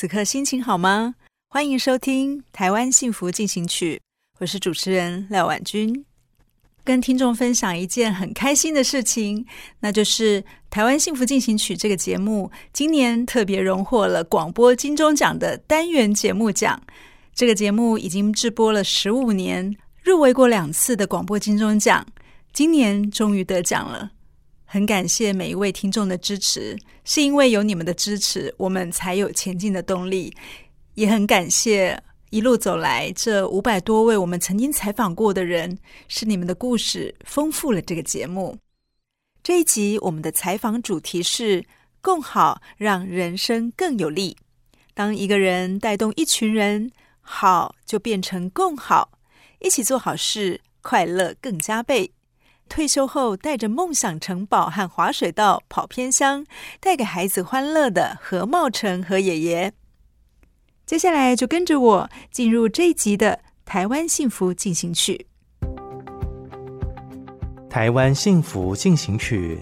此刻心情好嗎？歡迎收聽《台灣幸福進行曲》，我是主持人廖婉君，跟聽眾分享一件很開心的事情，那就是《台灣幸福進行曲》這個節目今年特別榮獲了廣播金鐘獎的單元節目獎。這個節目已經製播了十五年，入圍過兩次的廣播金鐘獎，今年終於得獎了。很感謝每一位聽眾的支持，是因為有你們的支持，我們才有前進的動力。也很感謝一路走來這五百多位我們曾經採訪過的人，是你們的故事豐富了這個節目。這一集我們的採訪主題是“共好，讓人生更有力”。當一個人帶動一群人，好就變成共好，一起做好事，快樂更加倍。退休後帶着夢想城堡和滑水道跑偏鄉，帶給孩子歡樂的何茂成何爺爺。接下來就跟着我進入這一集的《台灣幸福進行曲》。《台灣幸福進行曲》，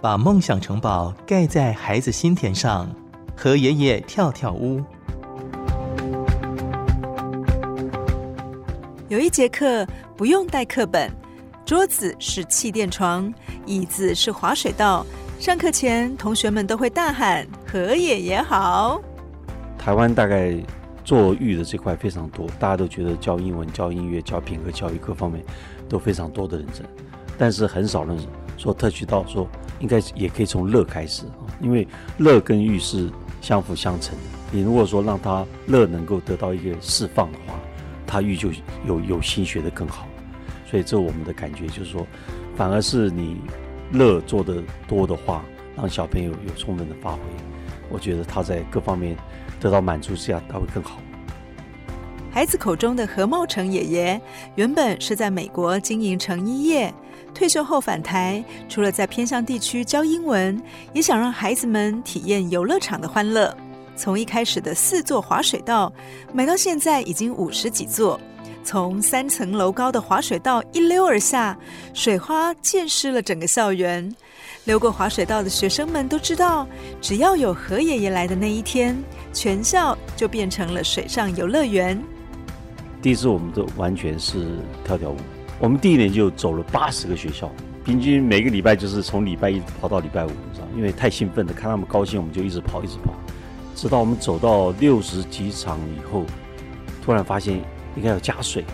把夢想城堡蓋在孩子心田上，何爺爺跳跳屋。有一節課不用帶課本。桌子是氣墊床，椅子是滑水道。上課前，同學們都會大喊“何爺爺好”。台灣大概做育的這塊非常多，大家都覺得教英文、教音樂、教品格、教育各方面都非常多的認真，但是很少人說特區到說應該也可以從樂開始，因為樂跟育是相輔相成的。你如果說讓他樂能夠得到一個釋放的話，他育就有有心學的更好。所以，這我們的感覺就是說，反而是你樂做得多的話，讓小朋友有充分的發揮，我覺得他在各方面得到滿足之下，他會更好。孩子口中的何茂成爺爺，原本是在美國經營成衣業，退休後返台，除了在偏鄉地區教英文，也想讓孩子們體驗遊樂場的歡樂。從一開始的四座滑水道，買到現在已經五十幾座。從三層樓高的滑水道一溜而下，水花濺濕了整個校園。溜過滑水道的學生們都知道，只要有何爺爺來的那一天，全校就變成了水上遊樂園。第一次，我們都完全是跳跳屋。我們第一年就走了八十個學校，平均每個禮拜就是從禮拜一跑到禮拜五，你知道嗎？因為太興奮了，看他們高興，我們就一直跑，一直跑，直到我們走到六十幾場以後，突然發現。應該要加水，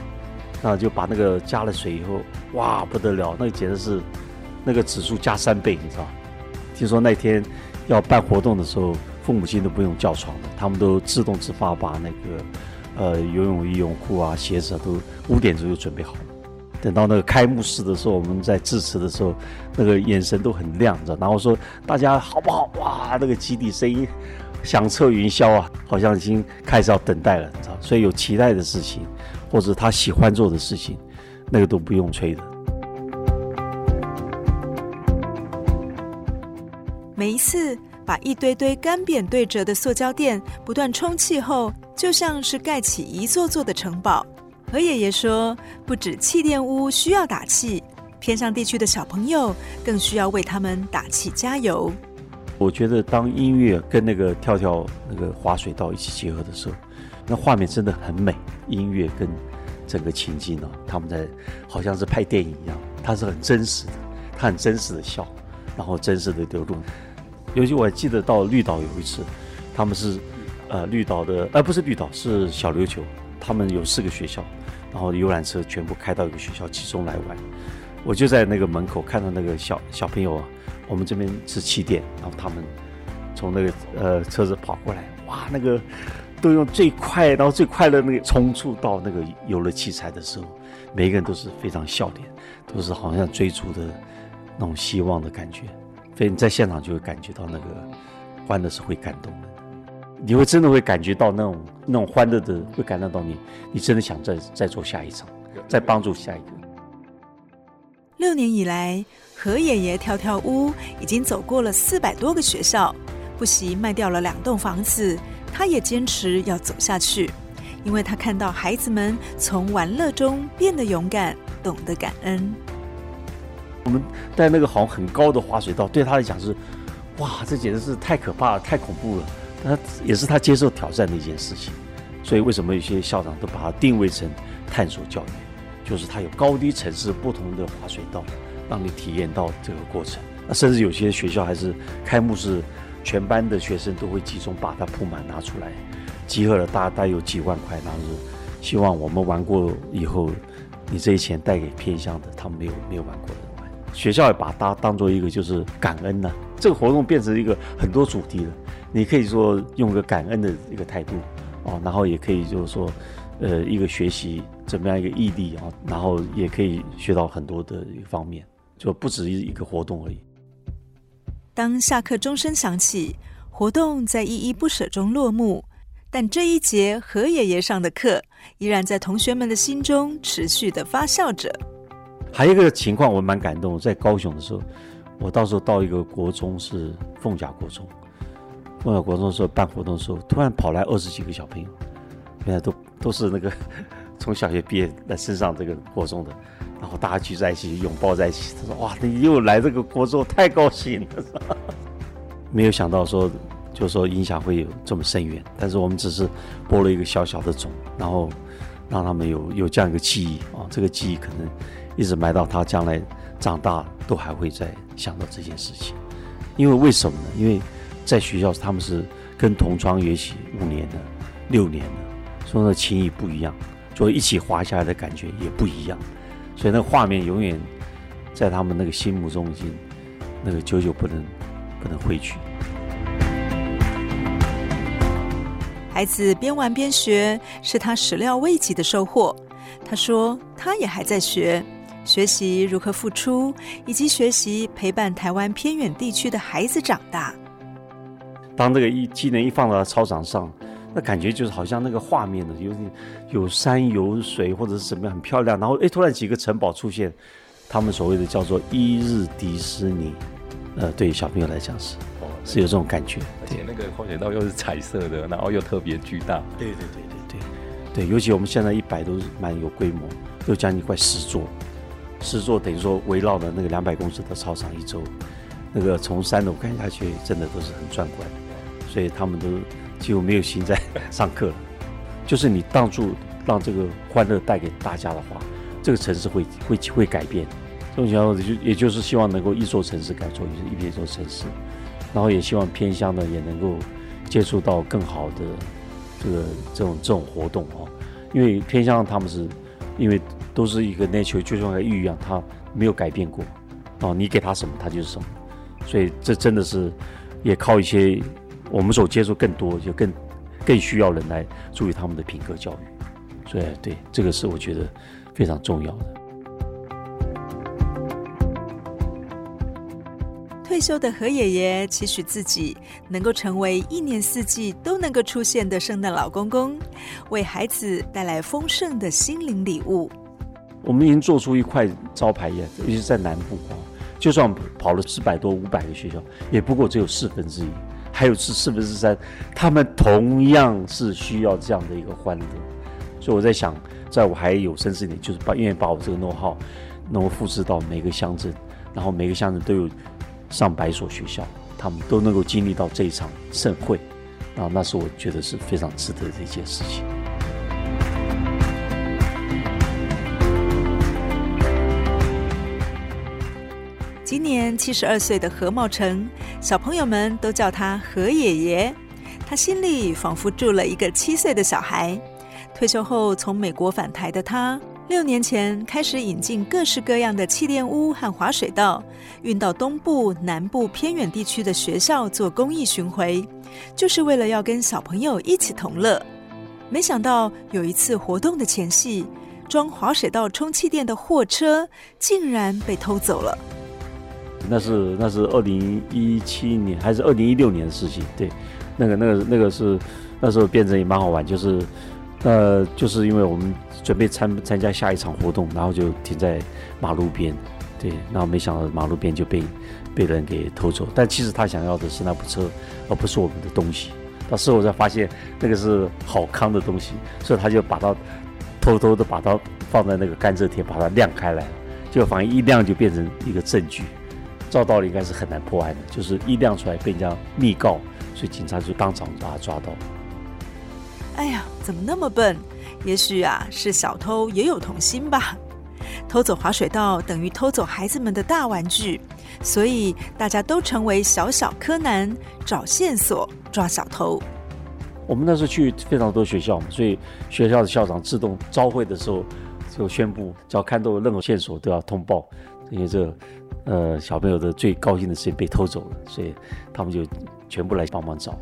那就把那個加了水以後，哇，不得了，那簡直是那個指數加三倍，你知道，聽說那天要辦活動的時候，父母親都不用叫床的，他們都自動自發把那個呃游泳衣、泳褲啊、鞋子啊，都五點鐘就準備好了。等到那個開幕式的時候，我們在致辭的時候，那個眼神都很亮，你知道，然後說大家好不好？哇，那個集體聲音。響徹雲霄啊！好像已經開始要等待了，你知道？所以有期待的事情，或者他喜歡做的事情，那個都不用吹的。每一次把一堆堆乾扁對折的塑膠墊不斷充氣後，就像是蓋起一座座的城堡。何爺爺說，不止氣墊屋需要打氣，偏遠地區的小朋友更需要為他們打氣加油。我覺得當音樂跟那個跳跳那個滑水道一起結合的時候，那畫面真的很美。音樂跟整個情境呢，他們在好像是拍電影一樣，它是很真實的，他很真實的笑，然後真實的流動。尤其我還記得到綠島有一次，他們是呃綠島的，呃不是綠島是小琉球，他們有四個學校，然後遊覽車全部開到一個學校集中來玩。我就在那個門口看到那個小小朋友啊。我們這邊是氣墊，然後他們從那個呃車子跑過來，哇，那個都用最快，然後最快的那個衝出到那個遊樂器材的時候，每一個人都是非常笑臉，都是好像追逐的那種希望的感覺，所以你在現場就會感覺到那個歡樂是會感動的，你會真的會感覺到那種那種歡樂的會感染到你，你真的想再再做下一場，再幫助下一個。六年以來。何爺爺跳跳屋已經走過了四百多個學校，不惜賣掉了兩棟房子，他也堅持要走下去，因為他看到孩子們從玩樂中變得勇敢，懂得感恩。我們帶那個好像很高的滑水道，對他來講是，哇，這簡直是太可怕了，太恐怖了。那也是他接受挑戰的一件事情。所以為什麼有些校長都把它定位成探索教育，就是它有高低層次不同的滑水道。讓你體驗到這個過程，甚至有些學校還是開幕式，全班的學生都會集中把它鋪滿拿出來，集合了，大概有幾萬塊，然後是希望我們玩過以後，你這些錢帶給偏鄉的，他們沒有沒有玩過的玩。學校也把它當做一個就是感恩吶、啊，這個活動變成一個很多主題了。你可以說用個感恩的一個態度哦，然後也可以就是說，呃，一個學習怎麼樣一個毅力啊、哦，然後也可以學到很多的一個方面。就不止一一個活動而已。當下課鐘聲響起，活動在依依不捨中落幕。但這一節何爺爺上的課，依然在同學們的心中持續地發酵着。還有一個情況，我蠻感動。在高雄的時候，我到時候到一個國中，是鳳甲國中。鳳甲國中的時候辦活動的時候，突然跑來二十幾個小朋友，原來都都是那個。從小學畢業來身上這個國中的，然後大家聚在一起擁抱在一起，他說：“哇，你又來這個國中，太高興了。 ”沒有想到說，就是、說影響會有這麼深遠。但是我們只是播了一個小小的種，然後讓他們有有這樣一個記憶啊，這個記憶可能一直埋到他將來長大都還會再想到這件事情。因為為什麼呢？因為在學校他們是跟同窗一起五年的、六年的，所以說情誼不一樣。就一起滑下來的感覺也不一樣，所以那畫面永遠在他們那個心目中，已經那個久久不能不能揮去。孩子邊玩邊學是他始料未及的收穫，他說他也還在學，學習如何付出，以及學習陪伴台灣偏遠地區的孩子長大。當這個一技能一放到操場上。那感覺就是好像那個畫面呢，有點有山有水或者是什麼樣，很漂亮。然後哎、欸，突然幾個城堡出現，他們所謂的叫做一日迪士尼，呃，對小朋友來講是哦，是有這種感覺，哦。而且那個滑水道又是彩色的，然後又特別巨大。對對對對對，對，尤其我們現在一百都是蠻有規模，又將近快十座，十座等於說圍繞了那個兩百公尺的操場一周，那個從三樓看下去真的都是很壯觀，所以他們都就沒有心在上課了，就是你當初讓這個歡樂帶給大家的話，這個城市會會會改變。重要就也就是希望能夠一座城市改做一座一座一座城市，然後也希望偏鄉呢也能夠接觸到更好的這個這種這種活動啊，哦，因為偏鄉他們是因為都是一個 nature，就像個玉一樣，它沒有改變過哦，你給他什麼他就是什麼，所以這真的是也靠一些。我們所接觸更多，就更更需要人來注意他們的品格教育。所以，對這個是我覺得非常重要的。退休的何爺爺期許自己能夠成為一年四季都能夠出現的聖誕老公公，為孩子帶來豐盛的心靈禮物。我們已經做出一塊招牌，也尤其在南部啊，就算跑了四百多、五百個學校，也不過只有四分之一。還有是是不是在，他們同樣是需要這樣的一個歡樂，所以我在想，在我還有生之年，就是把願意把我這個弄好，能夠複製到每個鄉鎮，然後每個鄉鎮都有上百所學校，他們都能夠經歷到這一場盛會，啊，那是我覺得是非常值得的一件事情。今年七十二歲的何茂成，小朋友們都叫他何爺爺。他心裡仿佛住了一個七歲的小孩。退休後從美國返台的他，六年前開始引進各式各樣的氣墊屋和滑水道，運到東部、南部偏遠地區的學校做公益巡迴，就是為了要跟小朋友一起同樂。沒想到有一次活動的前夕，裝滑水道充氣墊的貨車竟然被偷走了。那是那是二零一七年還是二零一六年的事情？對，那個那個那個是那時候變成也蠻好玩，就是呃，就是因為我們準備參參加下一場活動，然後就停在馬路邊，對，然後沒想到馬路邊就被被人給偷走。但其實他想要的是那部車，而不是我們的東西。到時候才發現，那個是好康的東西，所以他就把它偷偷的把它放在那個甘蔗田，把它晾開來，就反正一晾就變成一個證據。照道理應該是很難破案的，就是一亮出來被人家密告，所以警察就當場把他抓到。哎呀，怎麼那麼笨？也許啊，是小偷也有童心吧？偷走滑水道等於偷走孩子們的大玩具，所以大家都成為小小柯南，找線索抓小偷。我們那時候去非常多學校嘛，所以學校的校長自動召會的時候就宣布，只要看到任何線索都要通報，因為這個。呃，小朋友的最高興的事情被偷走了，所以他們就全部來幫忙找。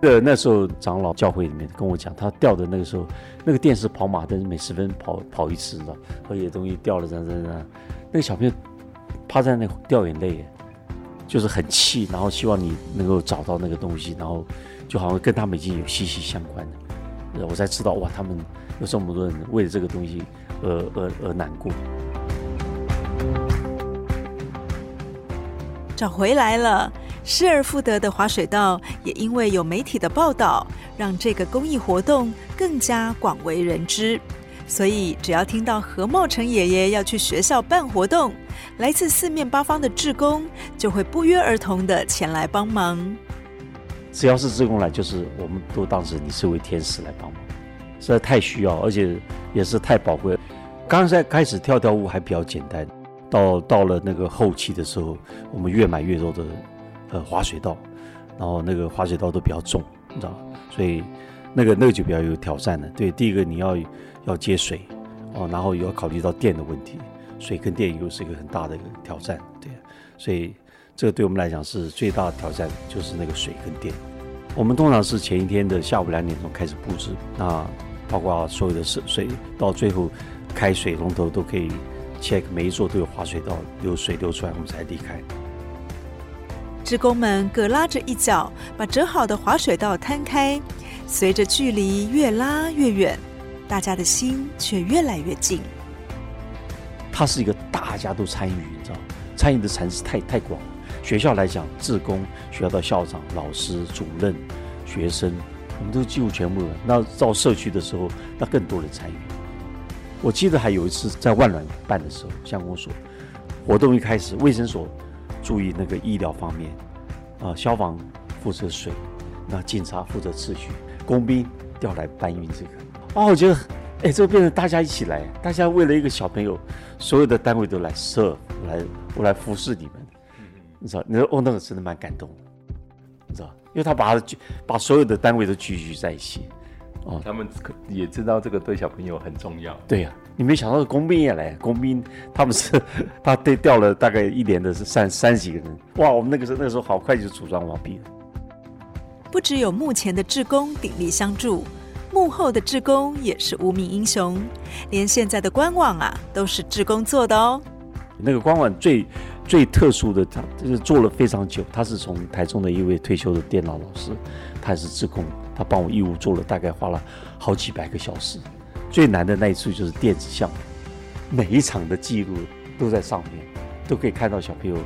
對，那時候長老教會裡面跟我講，他掉的那個時候，那個電視跑馬燈每十分跑跑一次，知道？而且東西掉了在在在，那個小朋友趴在那掉眼淚，就是很氣，然後希望你能夠找到那個東西，然後就好像跟他們已經有息息相關的。我才知道哇，他們有這麼多人為了這個東西而而而難過。找回來了，失而復得的滑水道也因為有媒體的報道，讓這個公益活動更加廣為人知。所以，只要聽到何茂成爺爺要去學校辦活動，來自四面八方的志工就會不約而同地前來幫忙。只要是志工來，就是我們都當成你是位天使來幫忙，實在太需要，而且也是太寶貴了。剛才開始跳跳屋還比較簡單。到到了那個後期的時候，我們越買越多的呃滑水道，然後那個滑水道都比較重，你知道，所以那個那個就比較有挑戰了。對，第一個你要要接水哦，然後也要考慮到電的問題，水跟電又是一個很大的一個挑戰。對，所以這個對我們來講是最大的挑戰，就是那個水跟電。我們通常是前一天的下午兩點鐘開始布置啊，那包括所有的水水到最後開水龍頭都可以。check 每一座都有滑水道，有水流出來，我們才離開。職工們各拉着一角，把折好的滑水道攤開，隨着距離越拉越遠，大家的心卻越來越近。它是一個大家都參與，你知道，參與的層次太太廣了。學校來講，職工、學校到校長、老師、主任、學生，我們都幾乎全部了。那到社區的時候，那更多人參與。我記得還有一次在萬巒辦的時候，鄉公所活動一開始，衛生所注意那個醫療方面，啊、呃，消防負責水，那警察負責秩序，工兵調來搬運這個。哦，我覺得，哎，這個變成大家一起來，大家為了一個小朋友，所有的單位都來設，我來我來服侍你們。嗯、你知道，你說哦，那個真的蠻感動的，你知道，因為他把聚把所有的單位都聚集在一起。哦，他們也知道這個對小朋友很重要。對呀、啊，你沒想到工兵也來，工兵他們是，他對調了大概一連的，是三三十幾個人。哇，我們那個時候那個、時候好快就組裝完畢了。不只有幕前的志工鼎力相助，幕後的志工也是無名英雄，連現在的官網啊都是志工做的哦。那個官網最最特殊的，他就是做了非常久，他是從台中的一位退休的電腦老師，他是志工。他幫我義務做了，大概花了好幾百個小時。最難的那一次就是電子項目，每一場的記錄都在上面，都可以看到小朋友。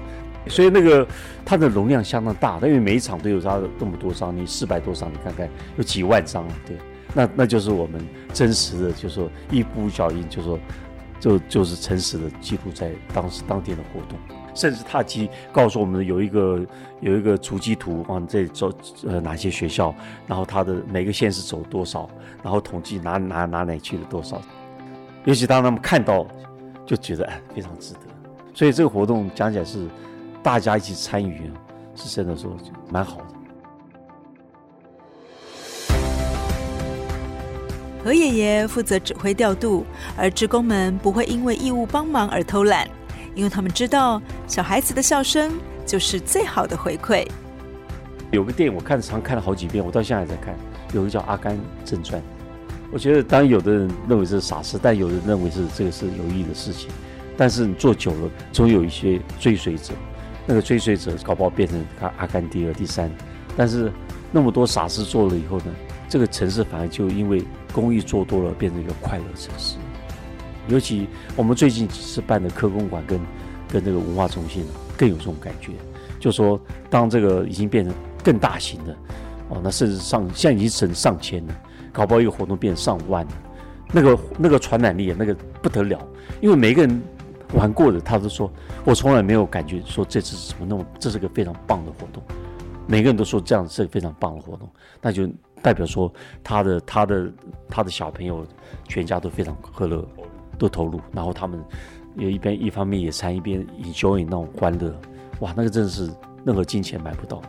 所以那個它的容量相當大，因為每一場都有他那麼多張，你四百多張，你看看有幾萬張，對。那那就是我們真實的，就是說一步腳印，就是說就就是誠實的記錄在當時當天的活動。甚至踏機，告訴我們有一個有一個足跡圖往、啊、這走，呃，哪些學校，然後他的每個縣市走多少，然後統計哪哪哪哪去了多少。尤其當他們看到，就覺得唉非常值得。所以這個活動講起來是大家一起參與，是真的說蠻好的。何爺爺負責指揮調度，而志工們不會因為義務幫忙而偷懶，因為他們知道。小孩子的笑聲就是最好的回饋。有個電影我看常看了好幾遍，我到現在還在看，有個叫《阿甘正傳》。我覺得，當然有的人認為是傻事，但有的人認為是這個是有意義的事情。但是你做久了，總有一些追隨者。那個追隨者搞不好變成阿阿甘第二、第三。但是那麼多傻事做了以後呢，這個城市反而就因為公益做多了，變成一個快樂城市。尤其我們最近是辦的科工館跟。跟這個文化中心更有這種感覺，就說當這個已經變成更大型的哦，那甚至上現在已經成上千了，搞不好一個活動變成上萬了，那個那個傳染力那個不得了，因為每個人玩過的他都說我從來沒有感覺說這次怎麼那麼，這是個非常棒的活動，每個人都說這樣是個非常棒的活動，那就代表說他的他的他的小朋友全家都非常快樂，都投入，然後他們。也一邊一方面野餐，一邊 enjoy 那種歡樂，哇，那個真的是任何金錢買不到。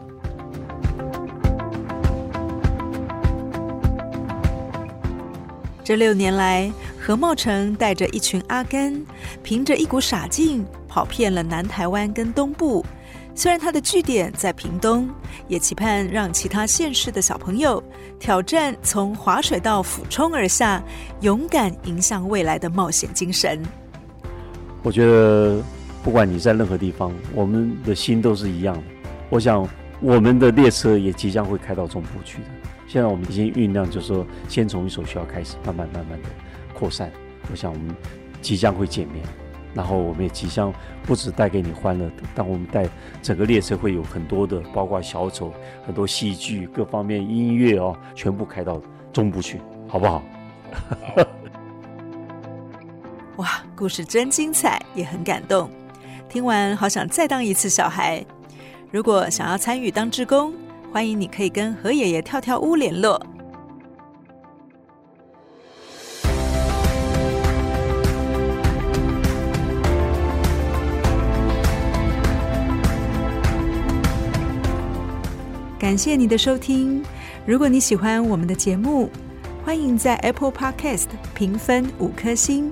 這六年來，何茂成帶着一群阿甘，憑着一股傻勁，跑遍了南台灣跟東部。雖然他的據點在屏東，也期盼讓其他縣市的小朋友挑戰從滑水道俯衝而下，勇敢迎向未來的冒險精神。我覺得，不管你在任何地方，我們的心都是一樣的。我想，我們的列車也即將會開到中部去的。現在我們已經醞釀，就是說先從一所學校開始，慢慢慢慢的擴散。我想我們即將會見面，然後我們也即將不止帶給你歡樂的，但我們帶整個列車會有很多的，包括小丑、很多戲劇、各方面音樂哦，全部開到中部去，好不好？好好 故事真精彩，也很感動。聽完好想再當一次小孩。如果想要參與當志工，歡迎你可以跟何爺爺跳跳屋聯絡。感謝你的收聽。如果你喜歡我們的節目，歡迎在 Apple Podcast 評分五顆星。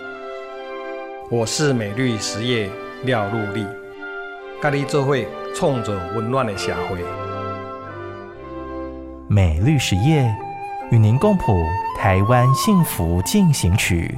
我是美律實業廖露麗，甲你做伙創造溫暖的社會。美律實業與您共譜台灣幸福進行曲。